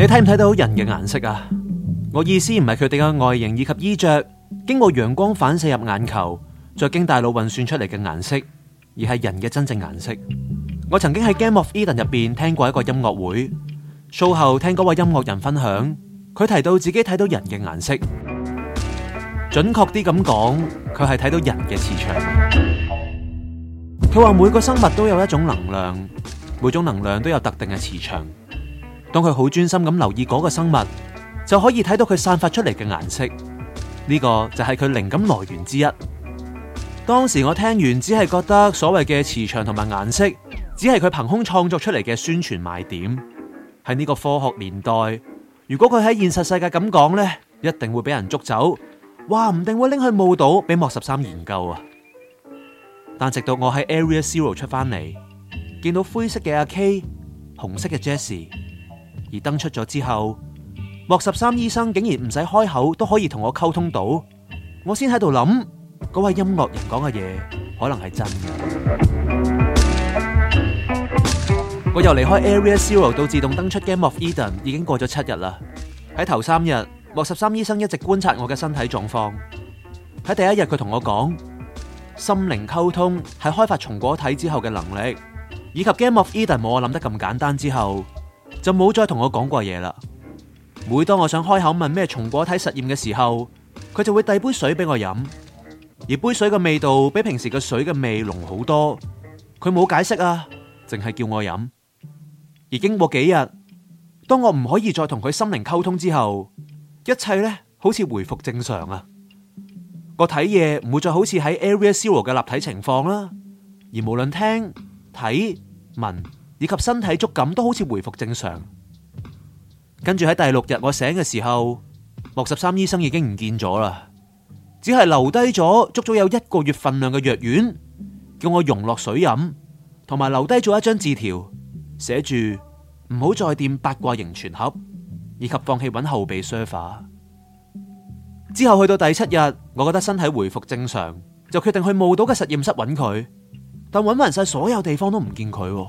你睇唔睇到人嘅顏色啊？我意思唔係佢哋嘅外形以及衣着，經過陽光反射入眼球，再經大腦運算出嚟嘅顏色，而係人嘅真正顏色。我曾經喺《Game of Eden》入邊聽過一個音樂會，show 後聽嗰位音樂人分享，佢提到自己睇到人嘅顏色，準確啲咁講，佢係睇到人嘅磁場。佢話每個生物都有一種能量，每種能量都有特定嘅磁場。當佢好專心咁留意嗰個生物，就可以睇到佢散發出嚟嘅顏色。呢個就係佢靈感來源之一。當時我聽完只係覺得所謂嘅磁場同埋顏色，只係佢憑空創作出嚟嘅宣傳賣點。喺呢個科學年代，如果佢喺現實世界咁講呢，一定會俾人捉走。話唔定會拎去墓島俾莫十三研究啊！但直到我喺 Area Zero 出翻嚟，見到灰色嘅阿 K、紅色嘅 Jessie。而登出咗之後，莫十三醫生竟然唔使開口都可以同我溝通到，我先喺度諗嗰位音樂人講嘅嘢可能係真嘅。 我由離開 Area Zero 到自動登出 Game of Eden 已經過咗七日啦。喺頭三日，莫十三醫生一直觀察我嘅身體狀況。喺第一日，佢同我講心靈溝通係開發松果體之後嘅能力，以及 Game of Eden 冇我諗得咁簡單之後。就冇再同我講過嘢啦。每當我想開口問咩松果體實驗嘅時候，佢就會遞杯水俾我飲，而杯水嘅味道比平時嘅水嘅味濃好多。佢冇解釋啊，淨係叫我飲。而經過幾日，當我唔可以再同佢心靈溝通之後，一切呢好似回復正常啊。我睇嘢唔會再好似喺 Area Zero 嘅立體情況啦，而無論聽、睇、聞。以及身體觸感都好似回復正常。跟住喺第六日我醒嘅時候，莫十三醫生已經唔見咗啦，只係留低咗足足有一個月份量嘅藥丸，叫我溶落水飲，同埋留低咗一張字條，寫住唔好再掂八卦型全盒，以及放棄揾後備 server。之後去到第七日，我覺得身體回復正常，就決定去墓島嘅實驗室揾佢，但揾埋晒所有地方都唔見佢。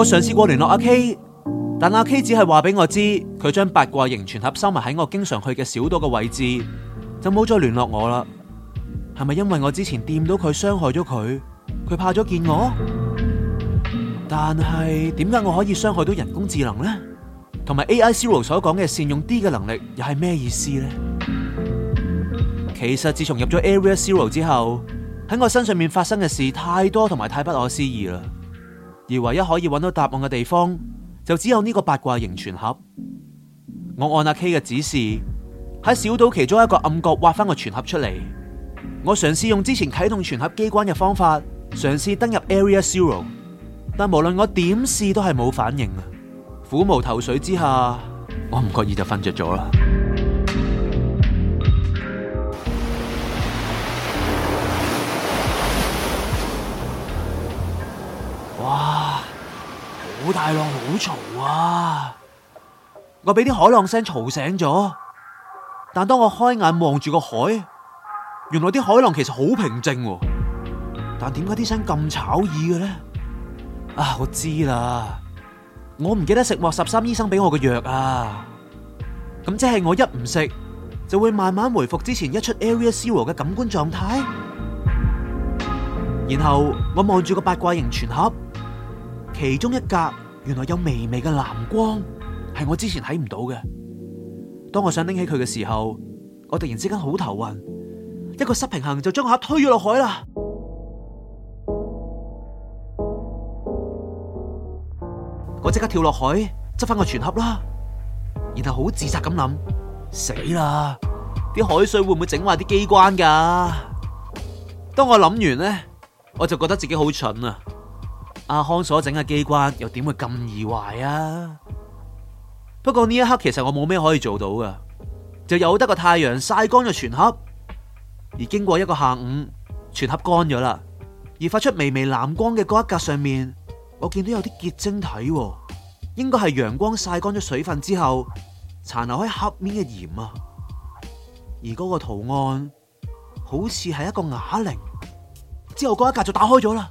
我嘗試過聯絡阿 K，但阿 K 只係話俾我知，佢將八卦型全盒收埋喺我經常去嘅小島嘅位置，就冇再聯絡我啦。係咪因為我之前掂到佢傷害咗佢，佢怕咗見我？但係點解我可以傷害到人工智能呢？同埋 AI Zero 所講嘅善用 D 嘅能力又係咩意思呢？其實自從入咗 Area Zero 之後，喺我身上面發生嘅事太多，同埋太不可思議啦。而唯一可以揾到答案嘅地方，就只有呢個八卦型全盒。我按阿 K 嘅指示，喺小島其中一個暗角挖翻個全盒出嚟。我嘗試用之前啟動全盒機關嘅方法，嘗試登入 Area Zero，但無論我點試都係冇反應啊！苦無頭緒之下，我唔覺意就瞓着咗啦。大浪好嘈啊！我俾啲海浪聲嘈醒咗，但當我開眼望住個海，原來啲海浪其實好平靜啊。但點解啲聲咁吵耳嘅咧？啊，我知啦！我唔記得食莫十三醫生俾我嘅藥啊！咁即係我一唔食，就會慢慢回復之前一出 Area Zero 嘅感官狀態。然後我望住個八卦型全盒，其中一格。原來有微微嘅藍光，係我之前睇唔到嘅。當我想拎起佢嘅時候，我突然之間好頭暈，一個失平衡就將盒推咗落海啦。我即刻跳落海，執翻個全盒啦，然後好自責咁諗：死啦！啲海水會唔會整壞啲機關噶？當我諗完呢，我就覺得自己好蠢啊！阿康所整嘅機關又點會咁易壞啊？不過呢一刻其實我冇咩可以做到㗎，就由得個太陽晒乾咗全盒。而經過一個下午，全盒乾咗啦。而發出微微藍光嘅嗰一格上面，我見到有啲結晶體，應該係陽光晒乾咗水分之後殘留喺盒面嘅鹽啊。而嗰個圖案好似係一個啞鈴，之後嗰一格就打開咗啦。